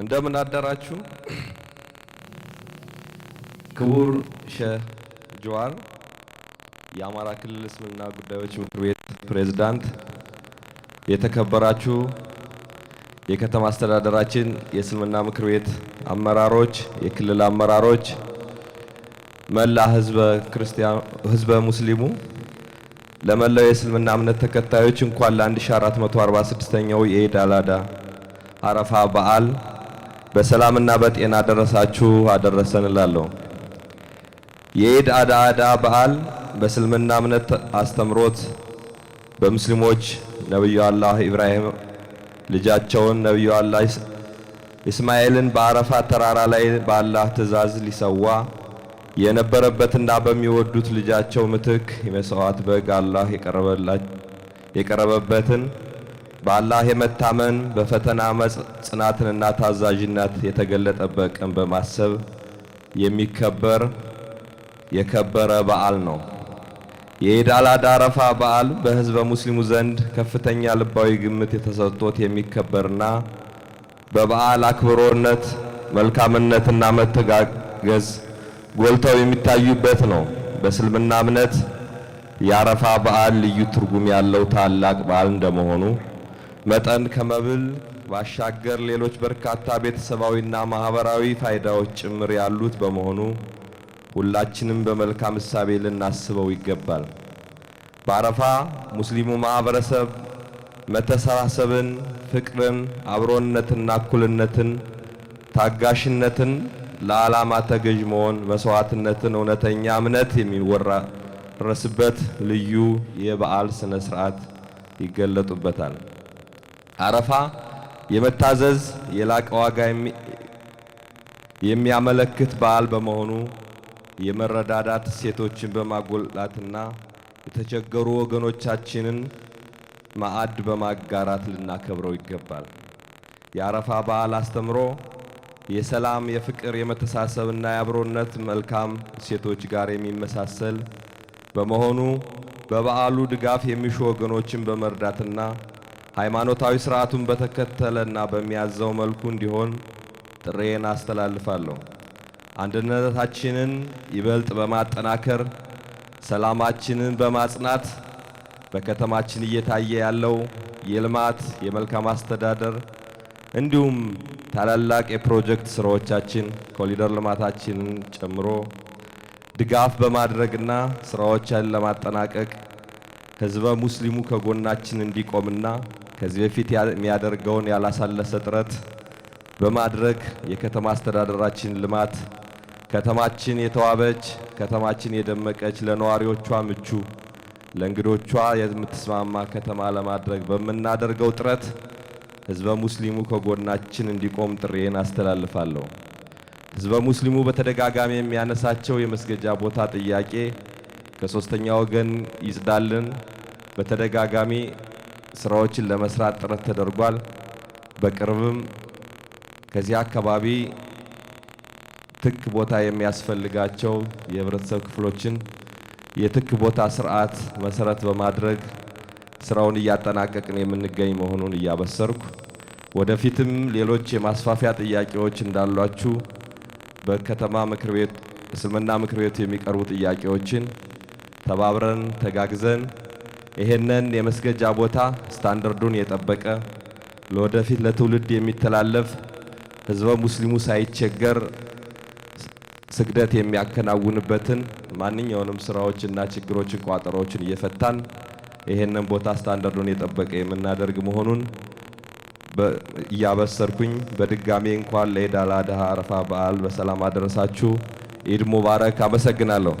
እንደምን አደራችሁ። ክቡር ሼህ ጀዋር የአማራ ክልል እስልምና ጉዳዮች ምክር ቤት ፕሬዝዳንት፣ የተከበራችሁ የከተማ አስተዳደራችን የእስልምና ምክር ቤት አመራሮች፣ የክልል አመራሮች፣ መላ ህዝበ ክርስቲያን ህዝበ ሙስሊሙ ለመላው የእስልምና እምነት ተከታዮች እንኳን ለ1446ኛው የኢድ አል አድሃ አረፋ በዓል በሰላምና በጤና አደረሳችሁ አደረሰን እላለሁ። የኢድ አድሃ በዓል በእስልምና እምነት አስተምሮት በሙስሊሞች ነቢዩ አላህ ኢብራሂም ልጃቸውን ነቢዩ አላህ እስማኤልን በአረፋ ተራራ ላይ በአላህ ትእዛዝ ሊሰዋ የነበረበትና በሚወዱት ልጃቸው ምትክ የመስዋዕት በግ አላህ የቀረበበትን በአላህ የመታመን በፈተና አመፅ ጽናትንና ታዛዥነት የተገለጠበት ቀን በማሰብ የሚከበር የከበረ በዓል ነው። የኢድ አል አድሃ አረፋ በዓል በሕዝበ ሙስሊሙ ዘንድ ከፍተኛ ልባዊ ግምት የተሰጥቶት የሚከበርና በበዓል አክብሮነት መልካምነትና መተጋገዝ ጎልተው የሚታዩበት ነው። በእስልምና እምነት የአረፋ በዓል ልዩ ትርጉም ያለው ታላቅ በዓል እንደመሆኑ መጠን ከመብል ባሻገር ሌሎች በርካታ ቤተሰባዊና ማህበራዊ ፋይዳዎች ጭምር ያሉት በመሆኑ ሁላችንም በመልካም እሳቤ ልናስበው ይገባል። በአረፋ ሙስሊሙ ማህበረሰብ መተሳሰብን፣ ፍቅርን፣ አብሮነትና እኩልነትን፣ ታጋሽነትን፣ ለዓላማ ተገዥ መሆን፣ መስዋዕትነትን፣ እውነተኛ እምነት የሚወራረስበት ልዩ የበዓል ስነ ስርዓት ይገለጡበታል። አረፋ የመታዘዝ የላቀ ዋጋ የሚያመለክት በዓል በመሆኑ የመረዳዳት እሴቶችን በማጎላትና የተቸገሩ ወገኖቻችንን ማዕድ በማጋራት ልናከብረው ይገባል። የአረፋ በዓል አስተምሮ የሰላም፣ የፍቅር፣ የመተሳሰብና የአብሮነት መልካም እሴቶች ጋር የሚመሳሰል በመሆኑ በበዓሉ ድጋፍ የሚሹ ወገኖችን በመርዳትና ሃይማኖታዊ ስርዓቱን በተከተለና በሚያዘው መልኩ እንዲሆን ጥሬን አስተላልፋለሁ። አንድነታችንን ይበልጥ በማጠናከር ሰላማችንን በማጽናት በከተማችን እየታየ ያለው የልማት የመልካም አስተዳደር እንዲሁም ታላላቅ የፕሮጀክት ስራዎቻችን ኮሊደር ልማታችንን ጨምሮ ድጋፍ በማድረግና ስራዎችን ለማጠናቀቅ ህዝበ ሙስሊሙ ከጎናችን እንዲቆምና ከዚህ በፊት የሚያደርገውን ያላሳለሰ ጥረት በማድረግ የከተማ አስተዳደራችን ልማት ከተማችን የተዋበች ከተማችን የደመቀች ለነዋሪዎቿ ምቹ ለእንግዶቿ የምትስማማ ከተማ ለማድረግ በምናደርገው ጥረት ህዝበ ሙስሊሙ ከጎናችን እንዲቆም ጥሪዬን አስተላልፋለሁ። ህዝበ ሙስሊሙ በተደጋጋሚ የሚያነሳቸው የመስገጃ ቦታ ጥያቄ ከሶስተኛ ወገን ይጽዳልን በተደጋጋሚ ስራዎችን ለመስራት ጥረት ተደርጓል። በቅርብም ከዚህ አካባቢ ትክ ቦታ የሚያስፈልጋቸው የህብረተሰብ ክፍሎችን የትክ ቦታ ስርዓት መሰረት በማድረግ ስራውን እያጠናቀቅን የምንገኝ መሆኑን እያበሰርኩ ወደፊትም ሌሎች የማስፋፊያ ጥያቄዎች እንዳሏችሁ በከተማ ምክር ቤት እስልምና ምክር ቤት የሚቀርቡ ጥያቄዎችን ተባብረን ተጋግዘን ይሄንን የመስገጃ ቦታ ስታንዳርዱን የጠበቀ ለወደፊት ለትውልድ የሚተላለፍ ህዝበ ሙስሊሙ ሳይቸገር ስግደት የሚያከናውንበትን ማንኛውንም ስራዎችና ችግሮችን፣ ቋጠሮዎችን እየፈታን ይሄንን ቦታ ስታንዳርዱን የጠበቀ የምናደርግ መሆኑን እያበሰርኩኝ በድጋሜ እንኳን ለኢድ አል አድሃ አረፋ በዓል በሰላም አደረሳችሁ። ኢድ ሙባረክ። አመሰግናለሁ።